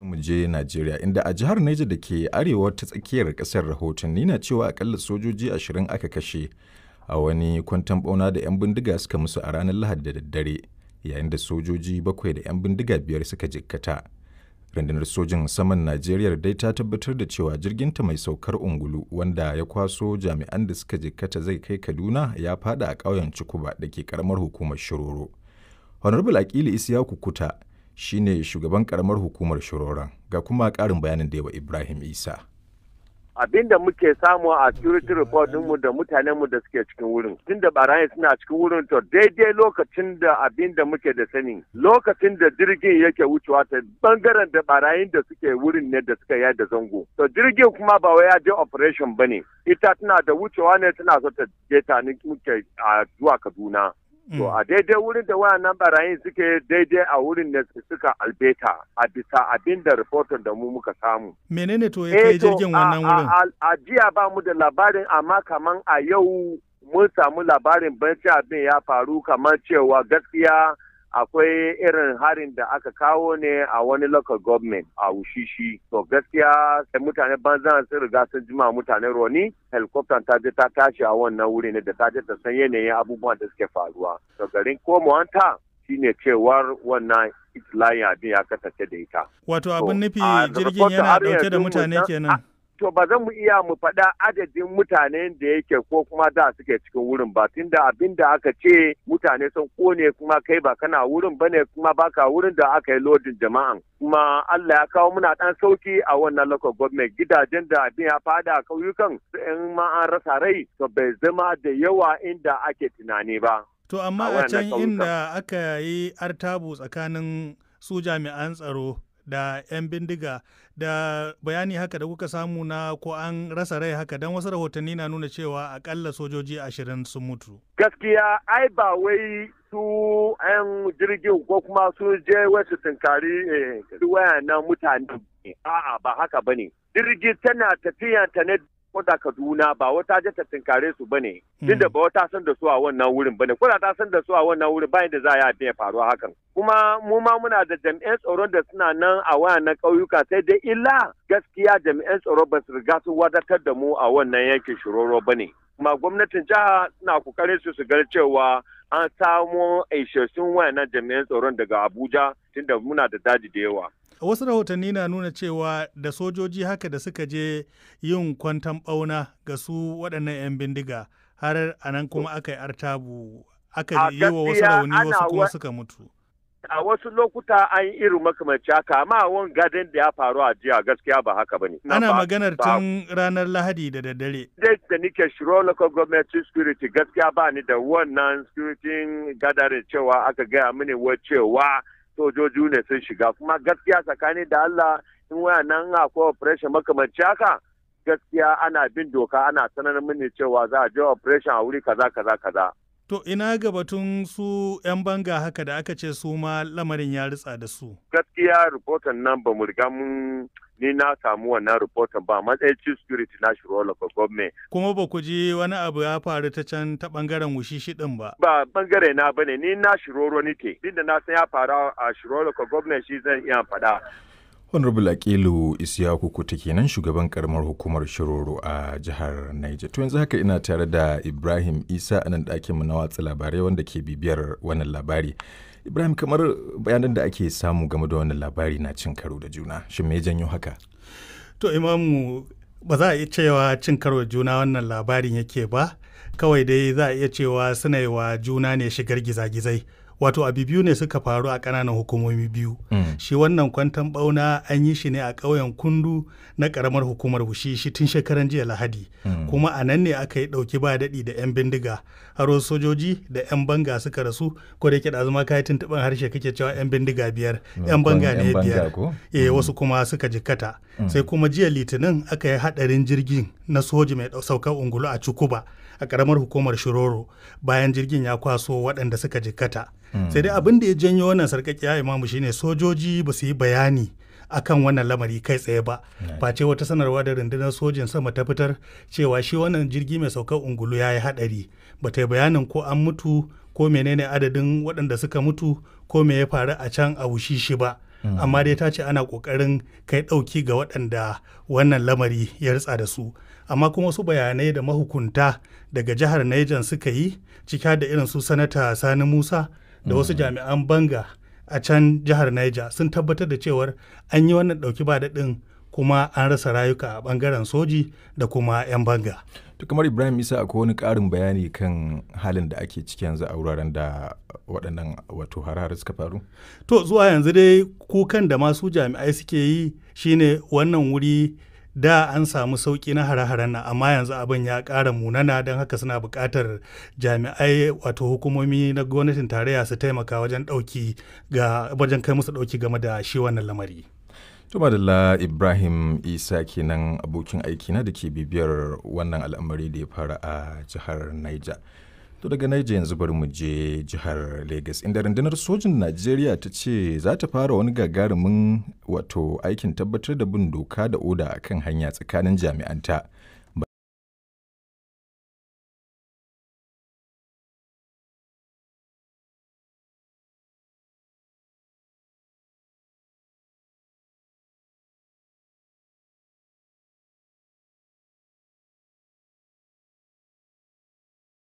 mu je Najeriya inda a jihar Niger da ke arewa ta tsakiyar kasar rahotanni na cewa akalla sojoji ashirin aka kashe a wani kwantan bauna da 'yan bindiga suka musu a ranar Lahadi da daddare yayin da sojoji bakwai da 'yan bindiga biyar suka jikkata. Rundunar sojin saman Najeriya dai ta tabbatar da cewa jirginta mai saukar ungulu wanda ya kwaso jami'an da suka jikkata zai kai Kaduna ya fada a ƙauyen Cikuba da ke karamar hukumar Shiroro. Honorable Akili Isiyaku Kuta shine shugaban karamar hukumar shiroran ga kuma karin bayanin da yawa ibrahim isa abin da muke samu a security report mu da mutanenmu da suke cikin wurin tun da barayin suna cikin wurin to daidai lokacin da abin da muke da sani lokacin da jirgin yake wucewa ta bangaren da barayin da suke wurin ne da suka yada zango to jirgin kuma ba wai ya je operation bane ita tana da wucewa ne tana so ta je ta muke a zuwa kaduna To mm. a daidai wurin da nan barayin suke daidai a wurin da suka albeta a bisa abin da rahoton da mu muka samu. Menene to ya eh, kai jirgin wannan wurin? A jiya ba mu da labarin amma kaman a yau mun samu labarin banci abin ya faru kaman cewa gaskiya akwai irin harin da aka kawo ne a wani local government a ushishi to gaskiya sai mutane banza sun riga sun jima mutane roni helicopter ta je ta tashi a wannan wuri ne da ta je ta san yanayin abubuwan da suke faruwa to garin ta shine cewar wannan itlayin abin ya kasance da ita wato abin nufi jirgin yana dauke da mutane kenan to ba zan mu iya mu faɗa adadin mutanen da yake ko kuma da suke cikin wurin ba tunda abin da aka ce mutane sun kone kuma kai ba kana wurin ba ne kuma baka wurin da aka yi lodin jama'an kuma Allah ya kawo muna dan sauki a wannan local government gidajen da abin ya fada a kauyukan in ma an rasa rai to bai zama da yawa inda ake tunani ba to amma a can inda aka yi artabu tsakanin su jami'an tsaro da 'yan bindiga da bayani haka da kuka samu na ko an rasa rai haka don wasu rahotanni na nuna cewa akalla sojoji ashirin sun mutu. Gaskiya ai ba wai su 'yan jirgin ko kuma su je wasu tunkari eh, wayan nan mutane a'a ba haka bane. Jirgi tana tafiya ta na ko Kaduna ba wata je ta tinkare su bane duk hmm. da ba wata san da su a wannan wurin bane ko ta san da su a wannan wurin bayan da za a yi faruwa hakan kuma mu ma muna da jami'an tsaron da suna nan a wayannan ƙauyuka sai dai illa gaskiya jami'an tsaro ba su riga sun wadatar da mu a wannan yankin shiroro bane kuma gwamnatin jiha suna kokarin su su ga cewa an samo isassun wayannan jami'an tsaron daga Abuja tunda muna da daji da yawa wasu rahotanni na nuna cewa da sojoji haka da suka je yin kwantan bauna ga su waɗannan 'yan bindiga har a nan kuma aka yi artabu aka yi wa wasu rauni wasu kuma suka mutu a wasu lokuta an yi irin makamanci haka amma wani gadon da ya faru a jiya gaskiya ba haka bane ana maganar tun ranar lahadi da daddare dai da nike shiro local government security gaskiya ba ni da wannan security gathering cewa aka gaya mini wa cewa sojoji ne sun shiga kuma gaskiya tsakani da Allah in waya nan akwai operation makamanci haka gaskiya ana bin doka ana sanar mini cewa za a je operation a wuri kaza kaza kaza To ina ga batun su 'yan banga haka da aka ce su ma lamarin ya ritsa da su. Gaskiya rahoton nan ba mu riga mun ni na samu wannan rahoton ba matsayin chief security na shi role of government. Kuma ba ku ji wani abu ya faru ta can ta bangaren wushishi din ba. Ba bangare na bane ni na roro nike. Din da na san ya faru a shiroro of government shi zan iya faɗa. honorable akilu isiyaku kuta kenan shugaban karamar hukumar shiroro a jihar niger to yanzu haka ina tare da ibrahim isa anan nan ɗakinmu na watsa labarai wanda ke bibiyar wannan labari ibrahim kamar bayanan da ake samu game da wannan labari na cin karo da juna shin me janyo haka to imamu ba za a iya cewa cin karo juna wannan labarin yake ba kawai dai za a iya cewa suna yi wa juna ne shigar gizagizai wato abu biyu ne suka faru a ƙananan hukumomi biyu mm. shi wannan kwantan bauna an yi shi ne a ƙauyen kundu na ƙaramar hukumar shi tun shekaran jiya lahadi mm. kuma a nan ne aka yi ɗauki ba daɗi da 'yan bindiga har sojoji da 'yan banga suka rasu ko da yake da azuma kai tuntuɓin harshe kake cewa 'yan bindiga biyar 'yan banga ne biyar eh mm. wasu kuma suka jikkata sai kuma jiya litinin aka yi haɗarin jirgin na soji mai saukar ungulu a cukuba a ƙaramar hukumar shiroro bayan jirgin ya kwaso waɗanda suka jikkata sai dai abin da ya janyo wannan sarkakiya imamu shine sojoji ba su yi bayani akan wannan lamari kai tsaye ba face wata sanarwa da rundunar sojin sama ta fitar cewa shi wannan jirgi mai saukar ungulu ya yi haɗari ba ta bayanin ko an mutu ko menene adadin waɗanda suka mutu ko me ya faru a can a wushi shi ba mm. amma dai ta ce ana ƙoƙarin kai ɗauki ga waɗanda wannan lamari ya ritsa da su amma kuma su bayanai da mahukunta daga jihar Niger suka yi cika da irin su sanata Sani Musa da wasu mm. jami'an banga a can jihar Niger sun tabbatar da cewar an yi wannan ɗauki ba daɗin kuma an rasa rayuka a ɓangaren soji da kuma 'yan banga. To kamar Ibrahim Isa akwai wani ƙarin bayani kan halin da ake ciki yanzu a wuraren da waɗannan wato harare suka faru? To zuwa yanzu dai kukan da masu jami'ai suke yi shine wannan wuri da an samu sauki na hare-haren nan amma yanzu abin ya ƙara munana don haka suna bukatar jami'ai wato hukumomi na gwamnatin tarayya su taimaka wajen ɗauki ga wajen kai musu ɗauki game da shi wannan lamari. tuba da Ibrahim Isa kenan abokin aiki na da ke bibiyar wannan al'amari da ya fara a jihar Niger. To daga Naija yanzu bari mu je jihar lagos inda rundunar sojin Najeriya ta ce za ta fara wani gagarumin wato aikin tabbatar da bin doka da oda a kan hanya tsakanin jami'anta